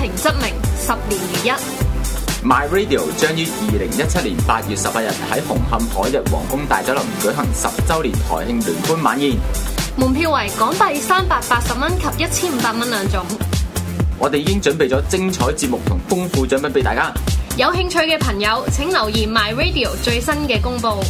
平則鳴，十年如一。My Radio 將於二零一七年八月十八日喺紅磡海逸皇宮大酒樓舉行十周年台慶聯歡晚宴，門票為港幣三百八十蚊及一千五百蚊兩種。我哋已經準備咗精彩節目同豐富獎品俾大家。有興趣嘅朋友，請留意 My Radio 最新嘅公布。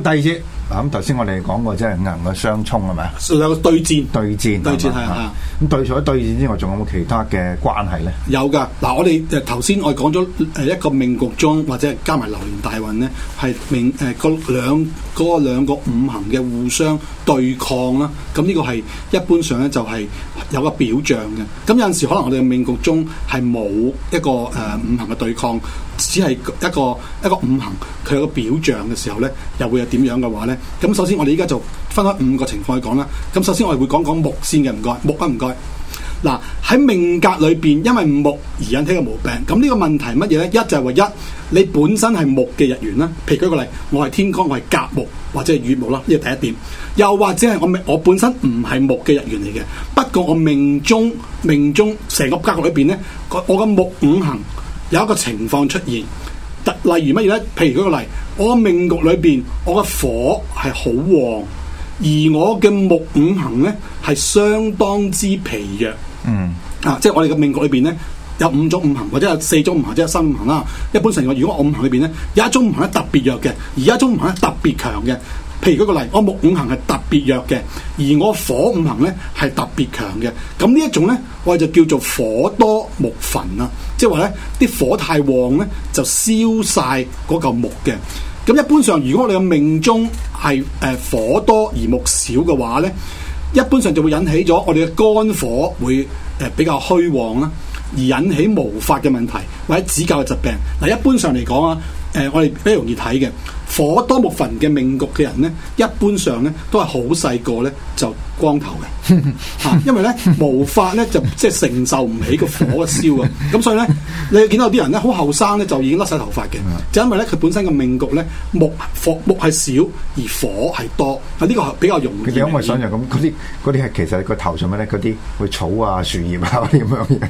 第二隻嗱，咁頭先我哋講過即係五行個相沖係咪啊？兩個對戰，對戰吧，對戰係嗯、除咗對戰之外，仲有冇其他嘅關係咧？有噶，嗱，我哋誒頭先我哋講咗誒一個命局中或者加埋流年大運咧，係命誒、呃、個兩嗰兩個五行嘅互相對抗啦。咁呢個係一般上咧就係有個表象嘅。咁有陣時可能我哋嘅命局中係冇一個誒、呃、五行嘅對抗，只係一個一個五行佢有個表象嘅時候咧，又會係點樣嘅話咧？咁首先我哋依家就，分開五個情況去講啦。咁首先我哋會講講木先嘅，唔該，木啊，唔該。嗱，喺命格裏邊，因為木而引起嘅毛病。咁、這、呢個問題乜嘢呢？一就係話一，你本身係木嘅日元啦。譬如舉個例，我係天光，我係甲木或者係乙木啦，呢個第一點。又或者係我我本身唔係木嘅日元嚟嘅，不過我命中命中成個格局裏邊呢，我我嘅木五行有一個情況出現。例如乜嘢呢？譬如舉個例，我命局裏邊我嘅火係好旺。而我嘅木五行咧，係相當之疲弱。嗯，啊，即係我哋嘅命局裏邊咧，有五種五行，或者有四種五行，即係三五行啦。一般成個，如果我五行裏邊咧，有一種五行咧特別弱嘅，而一種五行咧特別強嘅。譬如嗰個例，我木五行係特別弱嘅，而我火五行咧係特別強嘅。咁呢一種咧，我哋就叫做火多木焚啦。即係話咧，啲火太旺咧，就燒晒嗰嚿木嘅。咁一般上，如果我哋嘅命中係誒、呃、火多而木少嘅話咧，一般上就會引起咗我哋嘅肝火會誒、呃、比較虛旺啦，而引起毛髮嘅問題或者指教嘅疾病。嗱、呃，一般上嚟講啊，誒我哋比較容易睇嘅火多木焚嘅命局嘅人咧，一般上咧都係好細個咧。就光頭嘅嚇，因為咧毛髮咧就即係承受唔起個火燒啊！咁所以咧，你見到啲人咧好後生咧就已經甩晒頭髮嘅，就是，因為咧佢本身嘅命局咧木火木係少而火係多，係呢個比較容易。佢有冇想像咁？嗰啲嗰啲係其實個頭上面咧嗰啲，會草啊樹葉啊咁樣嘅，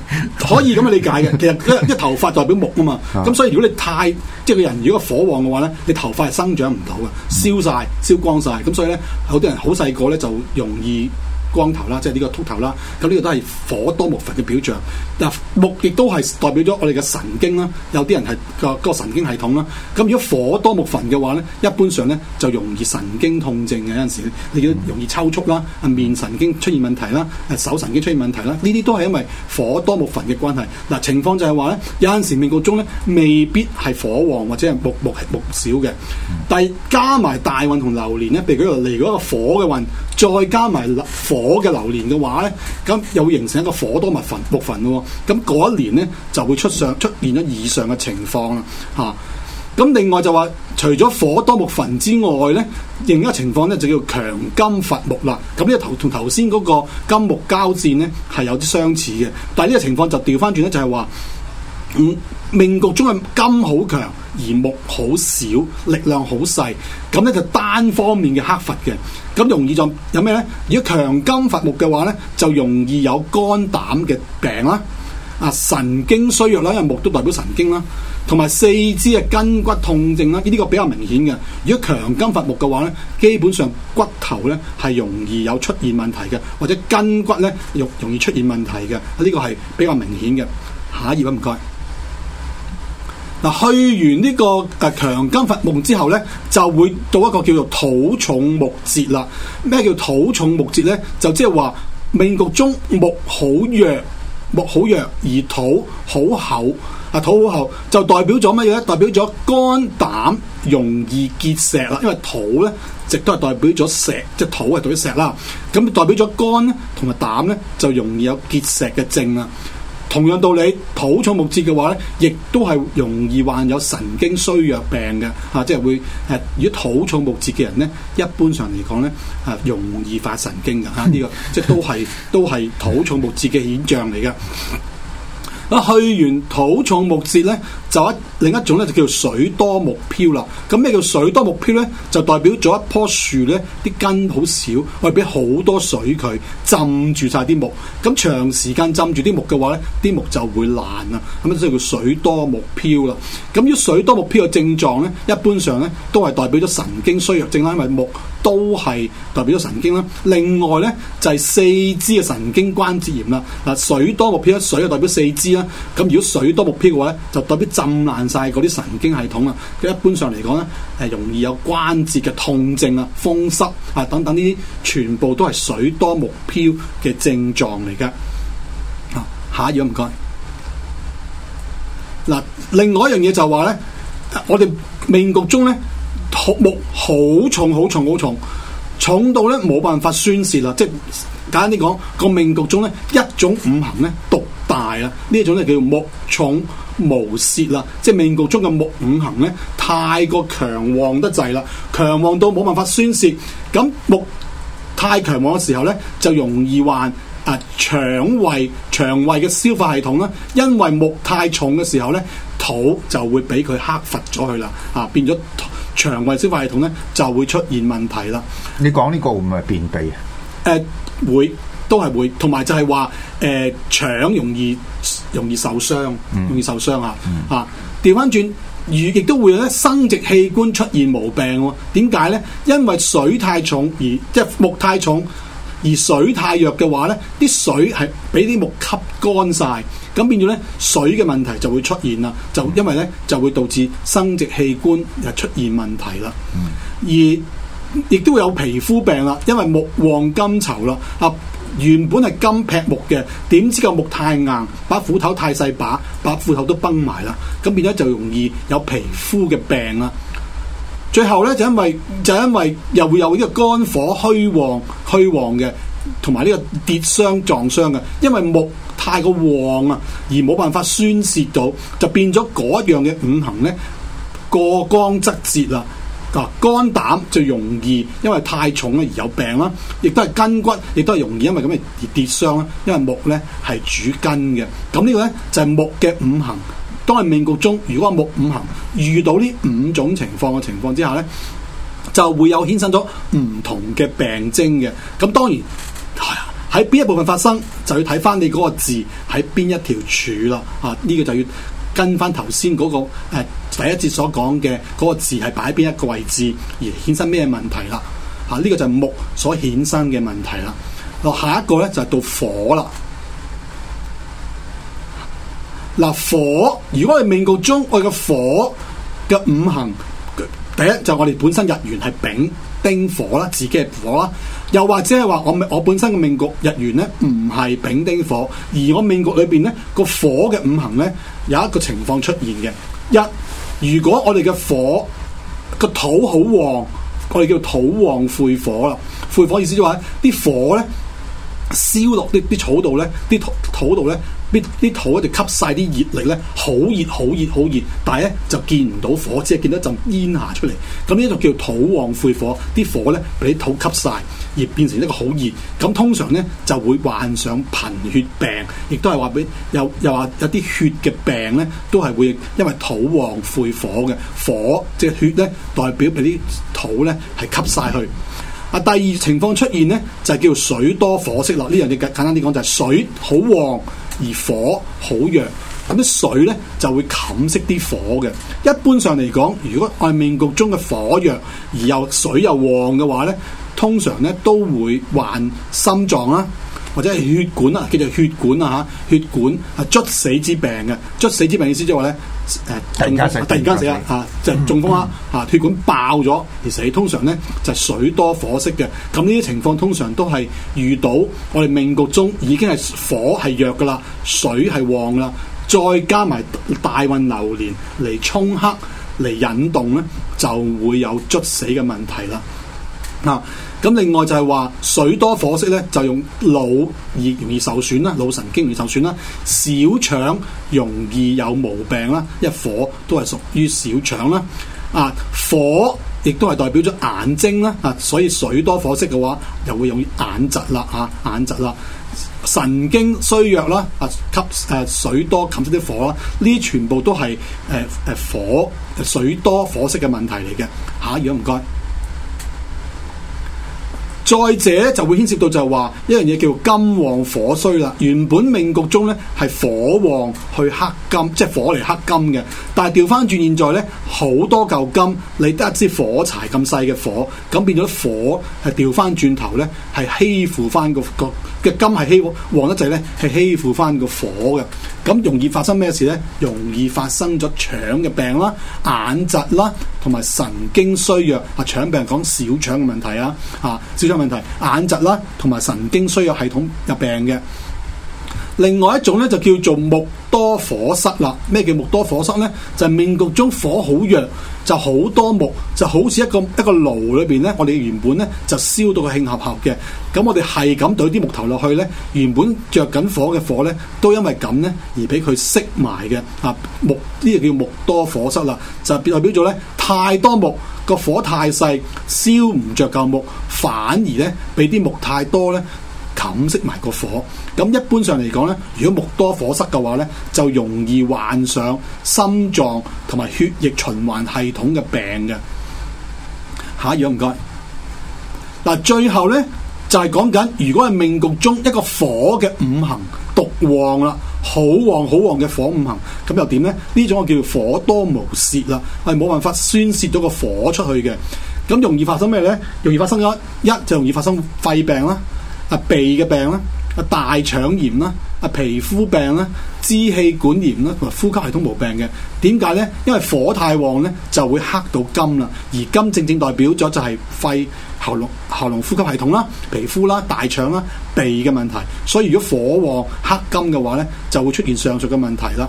可以咁嘅理解嘅。其實啲頭髮代表木啊嘛，咁所以如果你太即係個人如果火旺嘅話咧，你頭髮係生長唔到嘅，燒晒、燒光晒。咁所以咧，有啲人好細個咧就容易。光頭啦，即係呢個禿頭啦，咁呢個都係火多木焚嘅表象。嗱，木亦都係代表咗我哋嘅神經啦，有啲人係個個神經系統啦。咁如果火多木焚嘅話咧，一般上咧就容易神經痛症嘅，有陣時你都容易抽搐啦，啊面神經出現問題啦，啊手神經出現問題啦，呢啲都係因為火多木焚嘅關係。嗱，情況就係話咧，有陣時命局中咧未必係火旺或者係木木係木少嘅，但係加埋大運同流年咧，譬如嗰度嚟嗰個火嘅運，再加埋火。火嘅流年嘅話咧，咁又會形成一個火多木焚木焚咯，咁嗰一年咧就會出上出現咗以上嘅情況啦，嚇、啊。咁另外就話，除咗火多木焚之外咧，另一個情況咧就叫強金伐木啦。咁、這、呢個頭同頭先嗰個金木交戰咧係有啲相似嘅，但係呢個情況就調翻轉咧，就係話。命局中嘅金好強，而木好少，力量好細，咁咧就單方面嘅克伐嘅。咁容易就有咩咧？如果強金伐木嘅話咧，就容易有肝膽嘅病啦。啊，神經衰弱啦、啊，因為木都代表神經啦、啊，同埋四肢嘅筋骨痛症啦、啊。呢個比較明顯嘅。如果強金伐木嘅話咧，基本上骨頭咧係容易有出現問題嘅，或者筋骨咧又容易出現問題嘅。呢個係比較明顯嘅。下一頁啊，唔該。嗱，去完呢個誒強金伐木之後咧，就會到一個叫做土重木折啦。咩叫土重木折咧？就即係話命局中木好弱，木好弱而土好厚，啊，土好厚就代表咗乜嘢咧？代表咗肝膽容易結石啦。因為土咧，直都係代表咗石，即係土係代表石啦。咁代表咗肝咧，同埋膽咧，就容易有結石嘅症啦。同樣道理，土重木折嘅話咧，亦都係容易患有神經衰弱病嘅，嚇、啊，即係會誒、啊。如果土重木折嘅人咧，一般上嚟講咧，啊，容易發神經嘅，嚇、啊，呢、這個即係都係都係土重木折嘅現象嚟噶。去完土重木折咧，就一另一種咧就叫做水多木漂啦。咁咩叫水多木漂咧？就代表咗一棵樹咧，啲根好少，我哋俾好多水佢浸住晒啲木。咁長時間浸住啲木嘅話咧，啲木就會爛啦。咁所以叫水多木漂啦。咁呢水多木漂嘅症狀咧，一般上咧都係代表咗神經衰弱症啦，因為木都係代表咗神經啦。另外咧就係、是、四肢嘅神經關節炎啦。嗱，水多木漂，水就代表四肢啦。咁如果水多木漂嘅話咧，就代表浸爛晒嗰啲神經系統啊。佢一般上嚟講咧，係容易有關節嘅痛症啊、風濕啊等等呢啲，全部都係水多木漂嘅症狀嚟噶。啊，下一樣唔該。嗱、啊，另外一樣嘢就話咧，我哋命局中咧木好重、好重、好重，重，重到咧冇辦法宣洩啦。即係簡單啲講，個命局中咧一種五行咧獨。毒係啦，呢種咧叫做木重無泄啦，即係命局中嘅木五行咧太過強旺得滯啦，強旺到冇辦法宣泄，咁木太強旺嘅時候咧就容易患啊腸胃腸胃嘅消化系統啦，因為木太重嘅時候咧土就會俾佢克伐咗去啦，啊變咗腸胃消化系統咧就會出現問題啦。你講呢個會唔會便秘啊？誒、呃，會。都係會，同埋就係話，誒、呃，腸容易容易受傷，mm. 容易受傷、mm. 啊！啊，調翻轉，而亦都會有生殖器官出現毛病喎、啊。點解呢？因為水太重而即係木太重而水太弱嘅話呢，啲水係俾啲木吸乾晒，咁變咗呢，水嘅問題就會出現啦。就因為呢，就會導致生殖器官又出現問題啦。Mm. 而亦都有皮膚病啦，因為木旺金囚啦啊！原本係金劈木嘅，點知個木太硬，把斧頭太細把，把斧頭都崩埋啦。咁變咗就容易有皮膚嘅病啦。最後咧就因為就因為又會有呢個肝火虛旺虛旺嘅，同埋呢個跌傷撞傷嘅，因為木太過旺啊，而冇辦法宣泄到，就變咗嗰樣嘅五行咧過剛則折啦。肝膽就容易因為太重咧而有病啦，亦都係筋骨，亦都係容易因為咁而跌、跌傷啦。因為木咧係主筋嘅，咁呢個咧就係、是、木嘅五行。當係命局中，如果木五行遇到呢五種情況嘅情況之下咧，就會有衍生咗唔同嘅病徵嘅。咁當然喺邊一部分發生，就要睇翻你嗰個字喺邊一條柱啦。啊，呢個就要。跟翻頭先嗰個、呃、第一節所講嘅嗰個字係擺喺邊一個位置而衍生咩問題啦？嚇、啊，呢、這個就係木所衍生嘅問題啦。嗱、啊，下一個咧就係、係、到火啦。嗱、啊，火如果係命局中我嘅火嘅五行，第一就係、我哋本身日元係丙。丁火啦，自己係火啦，又或者係話我我本身嘅命局日元咧唔係丙丁火，而我命局裏邊咧個火嘅五行咧有一個情況出現嘅。一如果我哋嘅火個土好旺，我哋叫土旺晦火啦，晦火意思就話、是、啲火咧。燒落啲啲草度咧，啲土土度咧，啲啲土咧就吸晒啲熱力咧，好熱好熱好熱，但係咧就見唔到火，只係見到一陣煙霞出嚟。咁呢一種叫土旺晦火，啲火咧俾啲土吸晒，而變成一個好熱。咁通常咧就會患上貧血病，亦都係話俾又又話有啲血嘅病咧，都係會因為土旺晦火嘅火即係血咧，代表俾啲土咧係吸晒去。啊，第二情況出現咧，就係叫水多火熄啦。呢樣嘢簡單啲講，就係水好旺而火好弱，咁啲水咧就會冚熄啲火嘅。一般上嚟講，如果個命局中嘅火弱而又水又旺嘅話咧，通常咧都會患心臟啦。或者係血管啊，叫做血管啊吓，血管啊，卒死之病嘅。卒死之病意思即係話咧，誒，突然間死，突然間死啊，吓、嗯，就中風啊。吓、嗯，血管爆咗，其實你通常咧就是，水多火息嘅，咁呢啲情況通常都係遇到我哋命局中已經係火係弱噶啦，水係旺噶啦，再加埋大運流年嚟沖克嚟引動咧，就會有卒死嘅問題啦。嗱，咁、啊、另外就係話水多火色咧，就用腦易容易受損啦，腦神經容易受損啦，小腸容易有毛病啦，因為火都係屬於小腸啦。啊，火亦都係代表咗眼睛啦，啊，所以水多火色嘅話，又會用眼疾啦，啊，眼疾啦，神經衰弱啦，啊，吸誒、啊、水多冚熄啲火啦，呢全部都係誒誒火水多火色嘅問題嚟嘅。嚇、啊，如果唔該。再者就會牽涉到就係話一樣嘢叫金旺火衰啦。原本命局中咧係火旺去克金，即係火嚟克金嘅。但係掉翻轉現在咧，好多嚿金，你得一支火柴咁細嘅火，咁變咗火係掉翻轉頭咧，係欺負翻、那個個嘅金係欺旺旺得滯咧，係欺負翻個火嘅。咁容易發生咩事咧？容易發生咗腸嘅病啦，眼疾啦。同埋神經衰弱啊，腸病講小腸嘅問題啊，吓小腸問題，眼疾啦，同埋神經衰弱係統入病嘅。另外一種咧就叫做木多火塞啦。咩叫木多火塞呢？就係命局中火好弱，就好多木，就好似一個一個爐裏邊呢。我哋原本呢，就燒到佢慶合合嘅，咁我哋係咁倒啲木頭落去呢，原本着緊火嘅火呢，都因為咁呢而俾佢熄埋嘅。啊，木呢個叫木多火塞啦，就代表咗呢，太多木個火太細，燒唔着夠木，反而呢，俾啲木太多呢。冚熄埋個火，咁一般上嚟講咧，如果木多火塞嘅話咧，就容易患上心臟同埋血液循環系統嘅病嘅。下一樣唔該。嗱，最後咧就係講緊，如果係命局中一個火嘅五行獨旺啦，好旺好旺嘅火五行，咁又點咧？呢種叫火多無泄啦，係冇辦法宣洩咗個火出去嘅，咁容易發生咩咧？容易發生咗一就容易發生肺病啦。鼻嘅病啦，啊，大腸炎啦，啊，皮膚病啦，支氣管炎啦，同埋呼吸系統毛病嘅。點解咧？因為火太旺咧，就會克到金啦。而金正正代表咗就係肺、喉嚨、喉嚨、呼吸系統啦、皮膚啦、大腸啦、鼻嘅問題。所以如果火旺克金嘅話咧，就會出現上述嘅問題啦。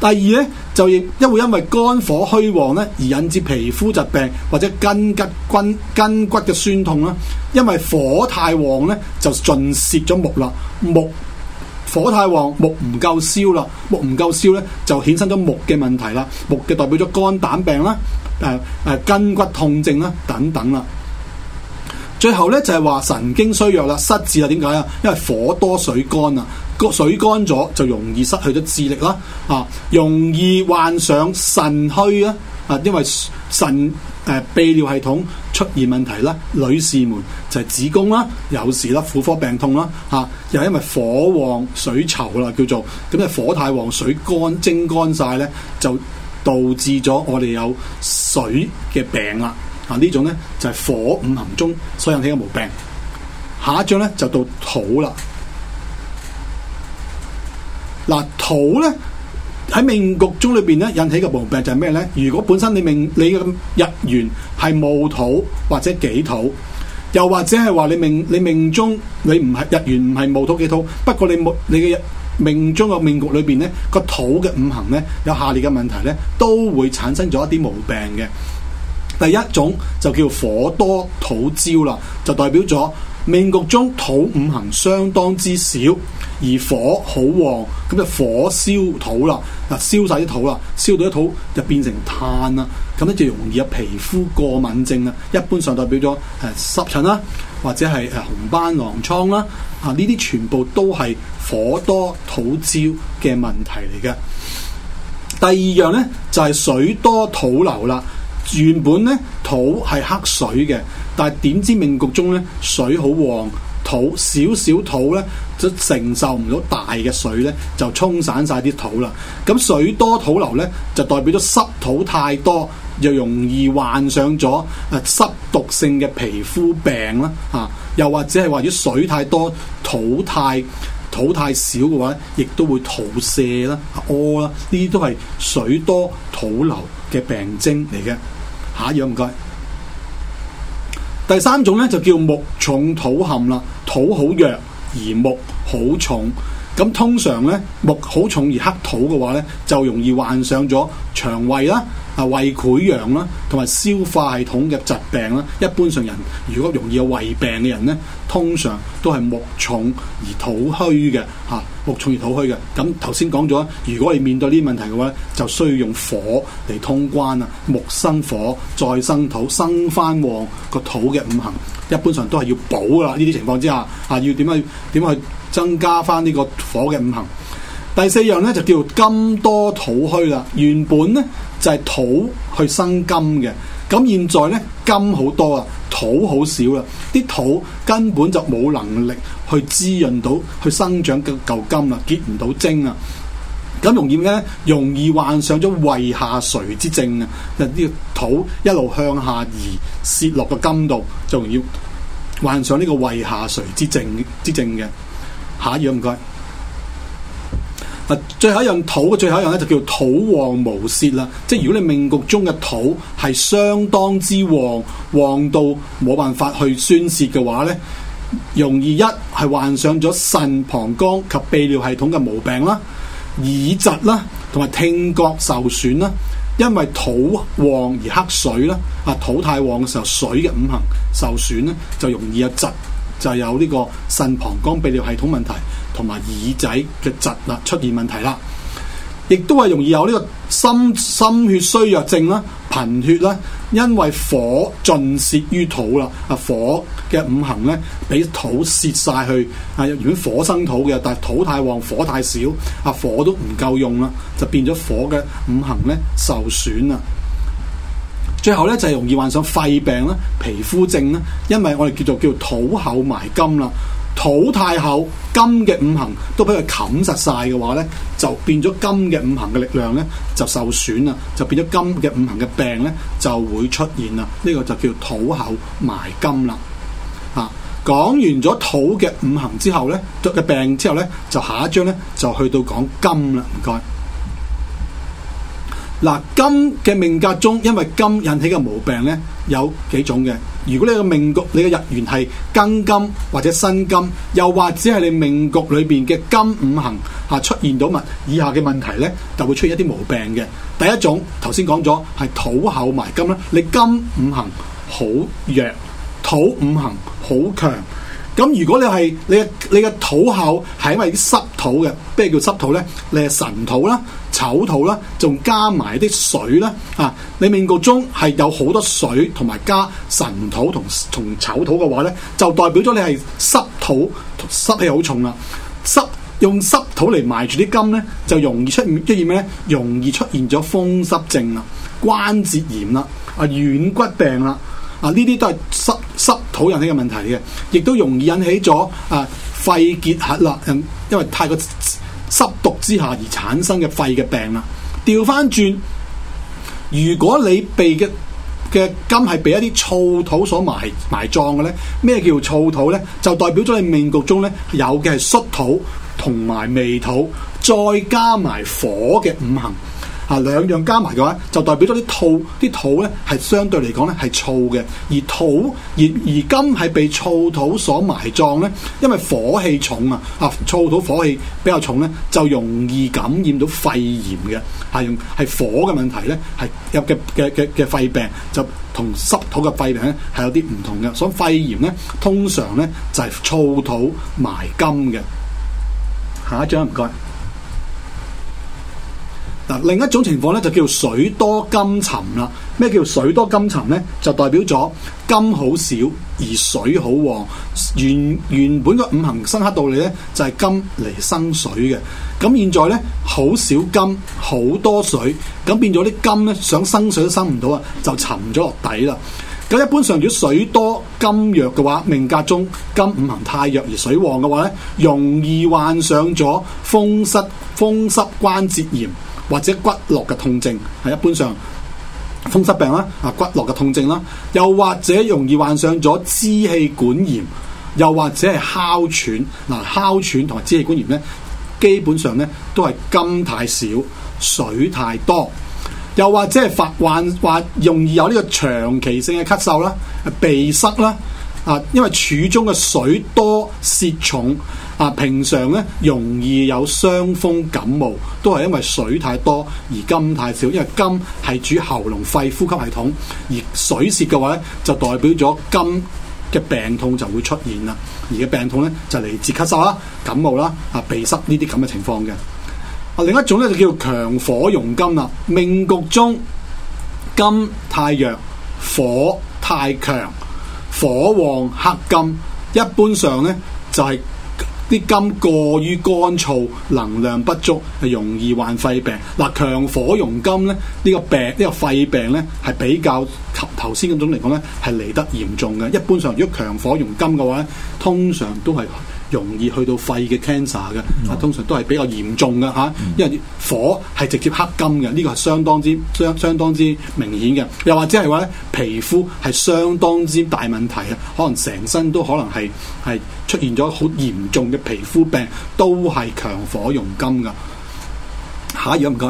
第二咧，就亦會因為因為肝火虛旺咧，而引致皮膚疾病或者筋骨筋筋骨嘅酸痛啦，因為火太旺咧，就盡泄咗木啦，木火太旺，木唔夠燒啦，木唔夠燒咧，就衍生咗木嘅問題啦，木嘅代表咗肝膽病啦，誒誒筋骨痛症啦等等啦。最後咧就係、是、話神經衰弱啦、失智啦，點解啊？因為火多水乾啊，水乾咗就容易失去咗智力啦，啊，容易患上腎虛啊，啊，因為腎誒泌尿系統出現問題啦，女士們就係子宮啦，有時啦，婦科病痛啦，吓、啊、又因為火旺水稠啦，叫做咁啊，火太旺水乾蒸乾晒咧，就導致咗我哋有水嘅病啦。嗱呢種咧就係、是、火五行中所引起嘅毛病。下一張咧就到土啦。嗱土咧喺命局中裏邊咧引起嘅毛病就係咩咧？如果本身你命你嘅日元係戊土或者己土，又或者係話你命你命中你唔係日元唔係戊土己土，不過你冇你嘅命中嘅命局裏邊咧個土嘅五行咧有下列嘅問題咧，都會產生咗一啲毛病嘅。第一種就叫火多土焦啦，就代表咗命局中土五行相當之少，而火好旺，咁就火燒土啦，嗱燒晒啲土啦，燒到啲土就變成炭啦，咁咧就容易有皮膚過敏症啦，一般上代表咗誒濕疹啦、啊，或者係誒紅斑狼瘡啦、啊，啊呢啲全部都係火多土焦嘅問題嚟嘅。第二樣咧就係、是、水多土流啦。原本咧土係黑水嘅，但係點知命局中咧水好旺，土少少土咧就承受唔到大嘅水咧，就沖散晒啲土啦。咁水多土流咧就代表咗濕土太多，又容易患上咗啊濕毒性嘅皮膚病啦。啊，又或者係話啲水太多，土太土太少嘅話，亦都會吐瀉啦、屙、啊、啦，呢、啊、啲都係水多土流嘅病徵嚟嘅。下一樣唔該。第三種咧就叫木重土陷啦，土好弱而木好重，咁通常咧木好重而剋土嘅話咧，就容易患上咗腸胃啦。胃潰瘍啦，同埋消化系統嘅疾病啦，一般上人如果容易有胃病嘅人咧，通常都係木重而土虛嘅，吓，木重而土虛嘅。咁頭先講咗，如果你面對呢啲問題嘅話，就需要用火嚟通關啊，木生火，再生土，生翻旺個土嘅五行。一般上都係要補啦，呢啲情況之下，啊，要點樣點去增加翻呢個火嘅五行？第四樣咧就叫做金多土虛啦，原本咧就係、是、土去生金嘅，咁現在咧金好多啊，土好少啦，啲土根本就冇能力去滋潤到去生長嘅嚿金啦，結唔到晶啊，咁容易咧容易患上咗胃下垂之症啊，就呢個土一路向下移，泄落個金度，就容易患上呢個胃下垂之症之症嘅，下一樣唔該。最後一樣土嘅，最後一樣咧就叫土旺無泄啦。即係如果你命局中嘅土係相當之旺，旺到冇辦法去宣泄嘅話咧，容易一係患上咗腎膀胱及泌尿系統嘅毛病啦、耳疾啦，同埋聽覺受損啦。因為土旺而克水啦，啊土太旺嘅時候，水嘅五行受損咧，就容易一疾。就有呢個腎、膀胱、泌尿系統問題，同埋耳仔嘅疾啦出現問題啦，亦都係容易有呢個心心血衰弱症啦、貧血啦，因為火盡泄於土啦，啊火嘅五行咧俾土泄晒去，啊如果火生土嘅，但係土太旺，火太少，啊火都唔夠用啦，就變咗火嘅五行咧受損啦。最後咧就係、是、容易患上肺病啦、啊、皮膚症啦、啊，因為我哋叫做叫土口埋金啦，土太厚，金嘅五行都俾佢冚實晒嘅話咧，就變咗金嘅五行嘅力量咧就受損啊，就變咗金嘅五行嘅病咧就會出現啊，呢、這個就叫土口埋金啦。啊，講完咗土嘅五行之後咧，嘅病之後咧，就下一章咧就去到講金啦，唔該。嗱，金嘅命格中，因為金引起嘅毛病咧有幾種嘅。如果你個命局你嘅日元係庚金，金或者辛金，又或者係你命局裏邊嘅金五行吓、啊、出現到物，以下嘅問題咧就會出現一啲毛病嘅。第一種頭先講咗係土厚埋金啦，你金五行好弱，土五行好強。咁如果你係你嘅你嘅土厚係因為啲濕土嘅，咩叫濕土咧？你係神土啦、丑土啦，仲加埋啲水啦，啊！你命局中係有好多水同埋加神土同同丑土嘅話咧，就代表咗你係濕土，濕氣好重啦。濕用濕土嚟埋住啲金咧，就容易出出現咩咧？容易出現咗風濕症啦、關節炎啦、啊軟骨病啦。啊！呢啲都係濕濕土引起嘅問題嘅，亦都容易引起咗啊肺結核啦，因、嗯、因為太過濕，濕毒之下而產生嘅肺嘅病啦。調翻轉，如果你鼻嘅嘅金係被一啲燥土所埋埋葬嘅咧，咩叫燥土咧？就代表咗你命局中咧有嘅係濕土同埋未土，再加埋火嘅五行。.啊，兩樣加埋嘅話，就代表咗啲土，啲土咧係相對嚟講咧係燥嘅，而土而而金係被燥土所埋葬咧，因為火氣重啊，啊燥土火氣比較重咧，就容易感染到肺炎嘅，係、啊、用係火嘅問題咧，係入嘅嘅嘅嘅肺病就同濕土嘅肺病咧係有啲唔同嘅，所以肺炎咧通常咧就係、係、燥土埋金嘅，下一張唔該。嗱，另一種情況咧就叫水多金沉啦。咩叫水多金沉呢？就代表咗金好少而水好旺。原原本個五行生剋道理呢，就係金嚟生水嘅。咁現在呢，好少金，好多水，咁變咗啲金呢，想生水都生唔到啊，就沉咗落底啦。咁一般上，如果水多金弱嘅話，命格中金五行太弱而水旺嘅話呢，容易患上咗風濕風濕關節炎。或者骨骼嘅痛症係一般上風濕病啦，啊骨骼嘅痛症啦，又或者容易患上咗支氣管炎，又或者係哮喘嗱，哮喘同埋支氣管炎咧，基本上咧都係金太少、水太多，又或者係發患或容易有呢個長期性嘅咳嗽啦、鼻塞啦，啊，因為柱中嘅水多濕重。啊，平常咧容易有傷風感冒，都係因為水太多而金太少。因為金係主喉嚨、肺、呼吸系統，而水泄嘅話咧，就代表咗金嘅病痛就會出現啦。而嘅病痛咧就嚟自咳嗽啦、感冒啦、啊鼻塞呢啲咁嘅情況嘅。啊，另一種咧就叫強火融金啦。命局中金太弱，火太強，火旺克金，一般上咧就係、是。啲金過於乾燥，能量不足，係容易患肺病。嗱、呃，強火熔金咧，呢、這個病呢、這個肺病咧，係比較及頭先嗰種嚟講咧，係嚟得嚴重嘅。一般上，如果強火熔金嘅話，通常都係，容易去到肺嘅 cancer 嘅，啊，通常都係比較嚴重嘅嚇、啊，因為火係直接剋金嘅，呢個係相當之相相當之明顯嘅，又或者係話咧，皮膚係相當之大問題啊，可能成身都可能係係出現咗好嚴重嘅皮膚病，都係強火熔金噶。下一樣唔該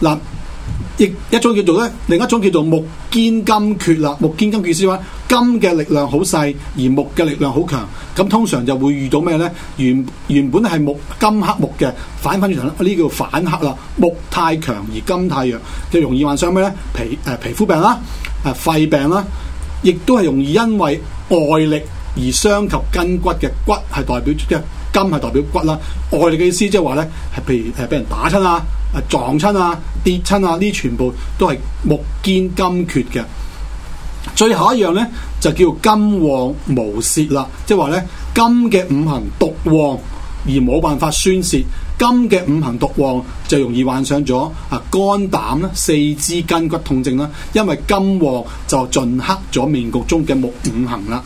嗱。一種叫做咧，另一種叫做木堅金缺啦。木堅金缺意思話，金嘅力量好細，而木嘅力量好強。咁通常就會遇到咩咧？原原本係木金克木嘅，反反轉頭呢叫反克啦。木太強而金太弱，就容易患上咩咧？皮誒、呃、皮膚病啦，誒肺病啦，亦都係容易因為外力而傷及筋骨嘅。骨係代表，即係金係代表骨啦。外力嘅意思即係話咧係譬如係俾人打親啊。撞親啊，跌親啊，呢全部都係木堅金缺嘅。最後一樣呢，就叫金旺無泄啦，即係話呢，金嘅五行獨旺而冇辦法宣泄，金嘅五行獨旺就容易患上咗啊肝膽啦、四肢筋骨痛症啦，因為金旺就盡克咗面局中嘅木五行啦。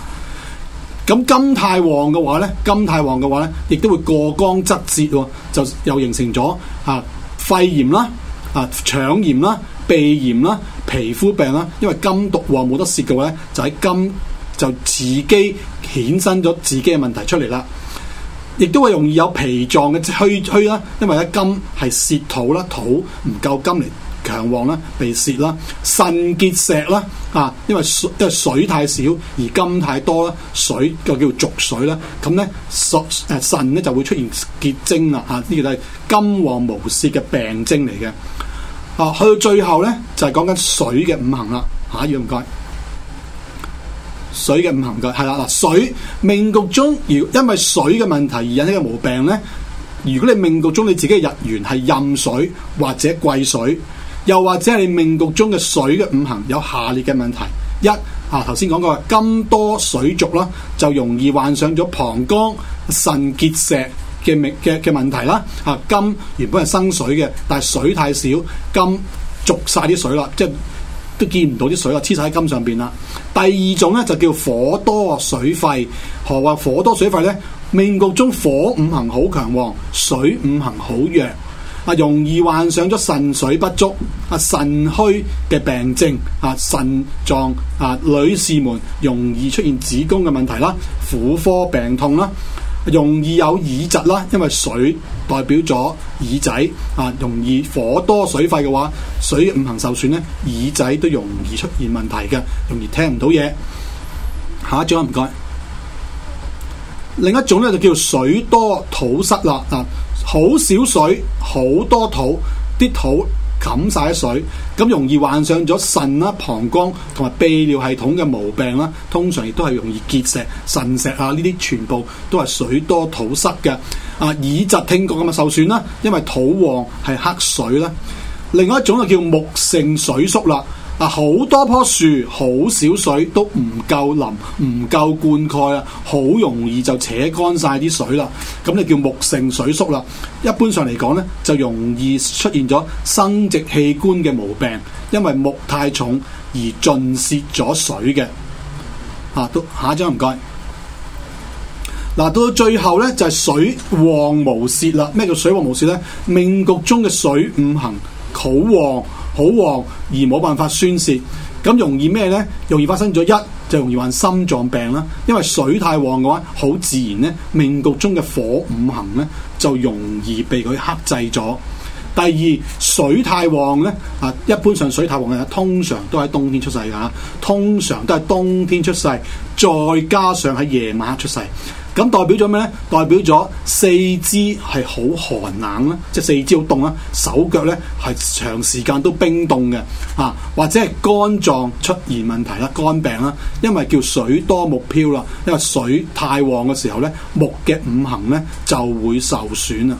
咁金太旺嘅話呢，金太旺嘅話呢，亦都會過剛則折喎，就又形成咗啊～肺炎啦、啊、啊腸炎啦、啊、鼻炎啦、啊、皮膚病啦、啊，因為金毒話冇得泄嘅話咧，就喺金就自己衍生咗自己嘅問題出嚟啦，亦都會容易有脾臟嘅虛虛啦，因為咧金係泄土啦，土唔夠金嚟。強旺啦，被洩啦，腎結石啦啊，因為水因為水太少而金太多啦，水就叫濁水啦。咁咧，腎咧、呃、就會出現結晶啦啊，呢個係金旺無洩嘅病徵嚟嘅啊。去到最後咧就係講緊水嘅五行啦吓，要唔、啊、該。水嘅五行嘅係啦嗱，水命局中，而因為水嘅問題而引起嘅毛病咧，如果你命局中你自己嘅日元係壬水或者癸水，又或者係你命局中嘅水嘅五行有下列嘅問題：一啊，頭先講過金多水濁啦，就容易患上咗膀胱、腎結石嘅命嘅嘅問題啦。啊，金原本係生水嘅，但係水太少，金濁晒啲水啦，即係都見唔到啲水啦，黐晒喺金上邊啦。第二種咧就叫火多水廢。何謂火多水廢呢？命局中火五行好強旺，水五行好弱。啊，容易患上咗腎水不足、啊腎虛嘅病症，啊腎臟啊，女士們容易出現子宮嘅問題啦，啊、婦科病痛啦、啊，容易有耳疾啦、啊，因為水代表咗耳仔，啊容易火多水沸嘅話，水五行受損咧，耳仔都容易出現問題嘅，容易聽唔到嘢。下一張唔該。另一種咧就叫水多土濕啦，嗱、啊，好少水，好多土，啲土冚晒水，咁容易患上咗腎啦、膀胱同埋泌尿系統嘅毛病啦，通常亦都係容易結石、腎石啊呢啲全部都係水多土濕嘅，啊耳疾聽覺咁啊受損啦，因為土旺係黑水啦。另外一種就叫木性水縮啦。啊！好多棵樹，好少水都唔夠淋，唔夠灌溉啊，好容易就扯乾晒啲水啦。咁你叫木盛水縮啦。一般上嚟講呢，就容易出現咗生殖器官嘅毛病，因為木太重而盡泄咗水嘅。啊，都下一張唔該。嗱、啊，到最後呢，就係、是、水旺無泄啦。咩叫水旺無泄呢？命局中嘅水五行土旺。好旺而冇辦法宣泄，咁容易咩呢？容易發生咗一就容易患心臟病啦。因為水太旺嘅話，好自然呢，命局中嘅火五行呢，就容易被佢克制咗。第二水太旺呢，啊一般上水太旺嘅人通常都喺冬天出世噶，通常都係冬天出世，再加上喺夜晚出世。咁代表咗咩咧？代表咗四肢係好寒冷啦，即係四肢好凍啦，手腳咧係長時間都冰凍嘅，啊或者係肝臟出現問題啦，肝病啦，因為叫水多木漂啦，因為水太旺嘅時候咧，木嘅五行咧就會受損啦。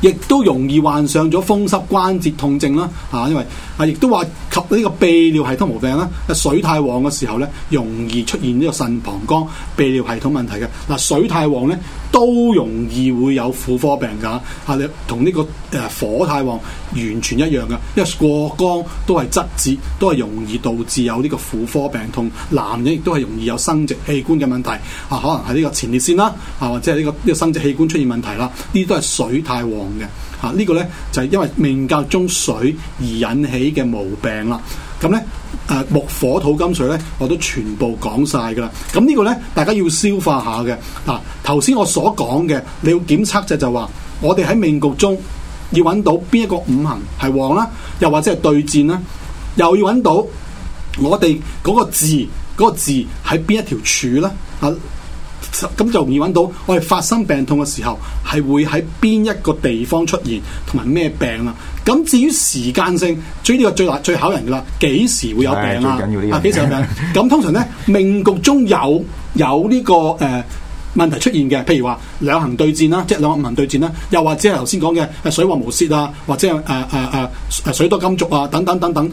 亦都容易患上咗風濕關節痛症啦，吓、啊，因為，啊，亦都話及呢個泌尿系統毛病啦。水太旺嘅時候咧，容易出現呢個腎膀胱泌尿系統問題嘅。嗱、啊，水太旺咧，都容易會有婦科病㗎，吓，你同呢個誒、呃、火太旺完全一樣嘅，因為過江都係質節，都係容易導致有呢個婦科病痛。男人亦都係容易有生殖器官嘅問題，啊，可能係呢個前列腺啦，啊，或者係呢個呢個生殖器官出現問題啦，呢啲都係水太旺嘅，吓，呢個咧就係、是、因為命格中水而引起嘅毛病啦。咁咧，誒木火土金水咧，我都全部講晒噶啦。咁呢個咧，大家要消化下嘅。啊，頭先我所講嘅，你要檢測就就話，我哋喺命局中要揾到邊一個五行係旺啦，又或者係對戰啦，又要揾到我哋嗰個字，嗰、嗰個字喺邊一條柱啦。啊。咁就容易揾到。我、哎、哋發生病痛嘅時候，係會喺邊一個地方出現，同埋咩病啊？咁至於時間性，最呢個最難最考人噶啦，幾時會有病啊？幾、哎、時有病、啊？咁 通常咧，命局中有有呢、這個誒、呃、問題出現嘅，譬如話兩行對戰啦，即係兩行對戰啦，又或者係頭先講嘅水患無泄啊，或者誒誒誒水多金足啊，等等等等。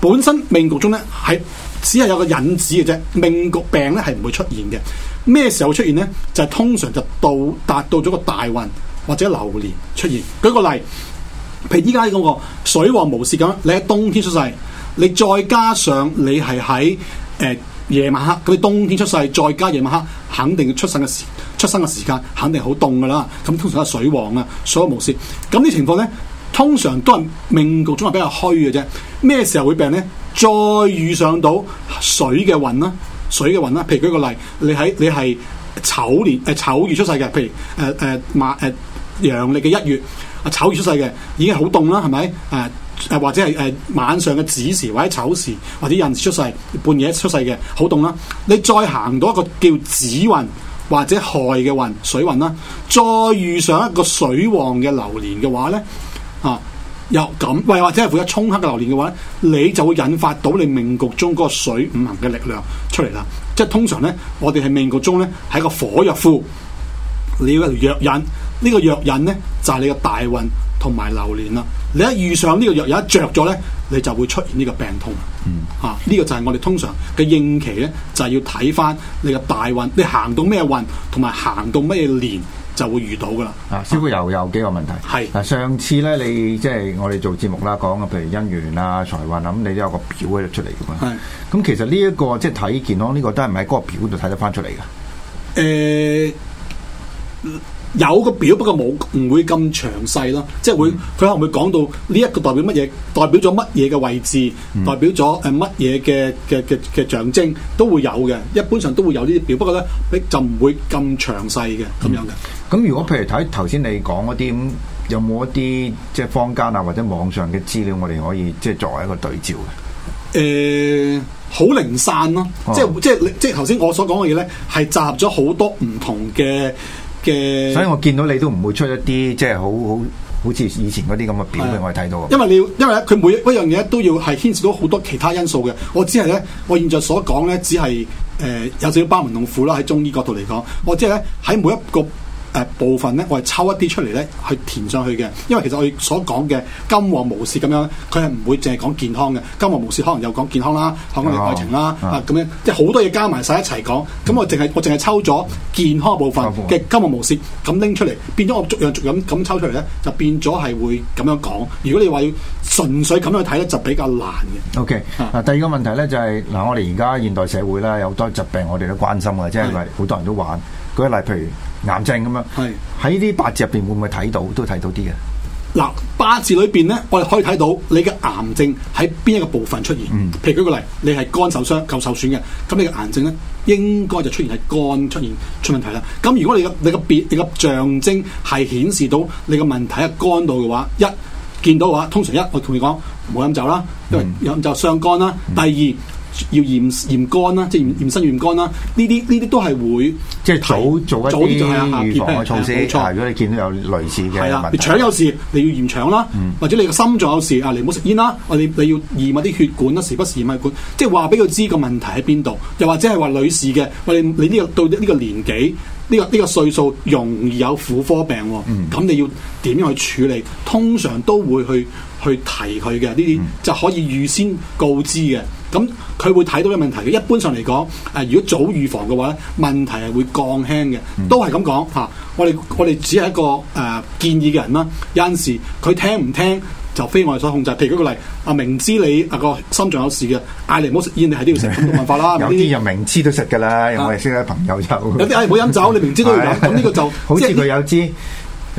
本身命局中咧，係只係有個引子嘅啫，命局病咧係唔會出現嘅。咩時候出現咧？就係通常就到達到咗個大運或者流年出現。舉個例，譬如依家嗰個水旺無洩，咁你喺冬天出世，你再加上你係喺誒夜晚黑，咁你冬天出世，再加夜晚黑，肯定要出世嘅時，出生嘅時間肯定好凍噶啦。咁通常係水旺啊，水旺無洩。咁呢情況咧，通常都係命局中係比較虛嘅啫。咩時候會病咧？再遇上到水嘅運啦。水嘅運啦，譬如舉個例，你喺你係丑年誒丑、呃、月出世嘅，譬如誒誒、呃、馬誒、呃、陽曆嘅一月啊，丑月出世嘅已經好凍啦，係咪？誒、呃、誒或者係誒、呃、晚上嘅子時或者丑時或者寅時出世，半夜出世嘅好凍啦。你再行到一個叫子運或者亥嘅運水運啦，再遇上一個水旺嘅流年嘅話咧，啊！又咁，喂，或者係配合沖克嘅流年嘅話咧，你就會引發到你命局中嗰個水五行嘅力量出嚟啦。即係通常咧，我哋係命局中咧係一個火藥庫，你要藥引，這個、藥呢個藥引咧就係、是、你嘅大運同埋流年啦。你一遇上呢個藥，一着咗咧，你就會出現呢個病痛。嗯，嚇呢、啊這個就係我哋通常嘅應期咧，就係、是、要睇翻你嘅大運，你行到咩運同埋行到咩年。就會遇到噶啦，啊，師傅又有幾個問題，係嗱、啊，上次咧，你即係我哋做節目啦，講嘅譬如姻緣啊、財運啊，咁你都有個表喺度出嚟嘅嘛，係是，咁其實呢、這、一個即係睇健康，呢、這個都係咪喺嗰個表度睇得翻出嚟嘅？誒、欸。有個表，不過冇唔會咁詳細咯。即係會佢可能會講到呢一個代表乜嘢，代表咗乜嘢嘅位置，嗯、代表咗誒乜嘢嘅嘅嘅嘅象徵都會有嘅。一般上都會有呢啲表，嗯、不過咧就唔會咁詳細嘅咁樣嘅。咁、嗯、如果譬如睇頭先你講嗰啲咁，有冇一啲即係坊間啊或者網上嘅資料，我哋可以即係作為一個對照嘅？誒、呃，好零散咯、啊哦，即係即係即係頭先我所講嘅嘢咧，係集合咗好多唔同嘅。所以，我見到你都唔會出一啲即係好好好似以前嗰啲咁嘅表俾的我哋睇到因，因為你要，因為咧，佢每一樣嘢都要係牽涉到好多其他因素嘅。我只係咧，我現在所講咧，只係誒有少少班門弄斧啦。喺中醫角度嚟講，我只係咧喺每一個。誒、呃、部分咧，我係抽一啲出嚟咧，去填上去嘅。因為其實我哋所講嘅「金黃模式」咁樣，佢係唔會淨係講健康嘅。「金黃模式」可能又講健康啦，可能係愛情啦、哦、啊咁樣，即係好多嘢加埋晒一齊講。咁我淨係我淨係抽咗健康部分嘅「金黃模式」咁拎出嚟，變咗我逐樣逐樣咁抽出嚟咧，就變咗係會咁樣講。如果你話要純粹咁樣睇咧，就比較難嘅。OK，嗱、哦啊、第二個問題咧就係、是、嗱，我哋而家現代社會咧有好多疾病，我哋都關心嘅，即係咪好多人都玩例，譬如。癌症咁樣，係喺呢八字入邊會唔會睇到？都會睇到啲嘅。嗱，八字裏邊咧，我哋可以睇到你嘅癌症喺邊一個部分出現。嗯，譬如舉個例，你係肝受傷、夠受損嘅，咁你嘅癌症咧，應該就出現係肝出現，出，現出問題啦。咁如果你嘅你嘅別，你嘅象徵係顯示到你嘅問題喺肝度嘅話，一見到嘅話，通常一我同你講，唔好飲酒啦，因為飲酒傷肝啦。嗯。第二。要驗驗肝啦，即係驗，驗身驗肝啦，呢啲呢啲都係會提即係早做一啲預防嘅措施。係、嗯，冇錯如果你見到有類似嘅，係啊、嗯，腸、嗯、有事你要驗腸啦，或者你個心臟有事啊，你唔好食煙啦，我哋你要驗下啲血管啦，時不時驗下管，即係話俾佢知個問題喺邊度。又或者係話女士嘅，我哋你呢、呢個到呢個年紀，呢、呢個呢、呢個歲數容易有婦科病，咁、嗯、你要點樣去處理？通常都會去。去提佢嘅呢啲就可以預先告知嘅，咁佢會睇到啲問題嘅。一般上嚟講，誒、呃、如果早預防嘅話咧，問題係會降輕嘅，都係咁講吓。我哋我哋只係一個誒、呃、建議嘅人啦。有陣時佢聽唔聽就非我哋所控制。譬如舉個例，阿、啊、明知你阿個、啊、心臟有事嘅，嗌你唔好食煙，你喺呢度食。咁冇辦法啦。有啲人明知都食㗎喇，又係、啊、識得朋友就有。有啲誒唔好飲酒，你明知都要飲。咁呢、哎、呀個就好似佢有知。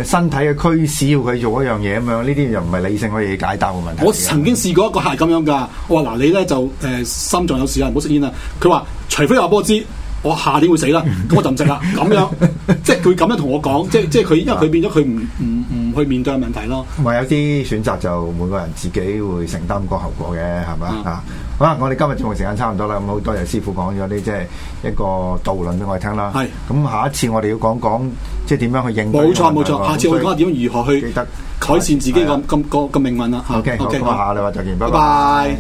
身體嘅驅使要佢做一樣嘢咁樣，呢啲又唔係理性可以解答嘅問題。我曾經試過一個客係咁樣㗎，我話嗱你咧就誒、呃、心臟有事啊，唔好食煙啦。佢話除非話俾我知，我下年會死啦，咁 我就唔食啦。咁樣 即係佢咁樣同我講，即係即係佢，因為佢變咗佢唔唔唔。 嗯嗯去面對問題咯，話有啲選擇就每個人自己會承擔個後果嘅，係咪？啊？好啦，我哋今日節目時間差唔多啦，咁好多謝師傅講咗啲即係一個導論俾我哋聽啦。係，咁下一次我哋要講講即係點樣去應對。冇錯冇錯，下次我哋講點如何去改善自己咁咁個命運啦。好嘅好嘅，下禮拜再見拜拜。